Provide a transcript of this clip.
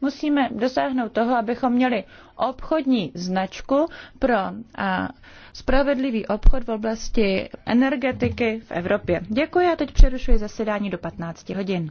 Musíme dosáhnout toho, abychom měli obchodní značku pro spravedlivý obchod v oblasti energetiky v Evropě. Děkuji a teď přerušuji zasedání do 15 hodin.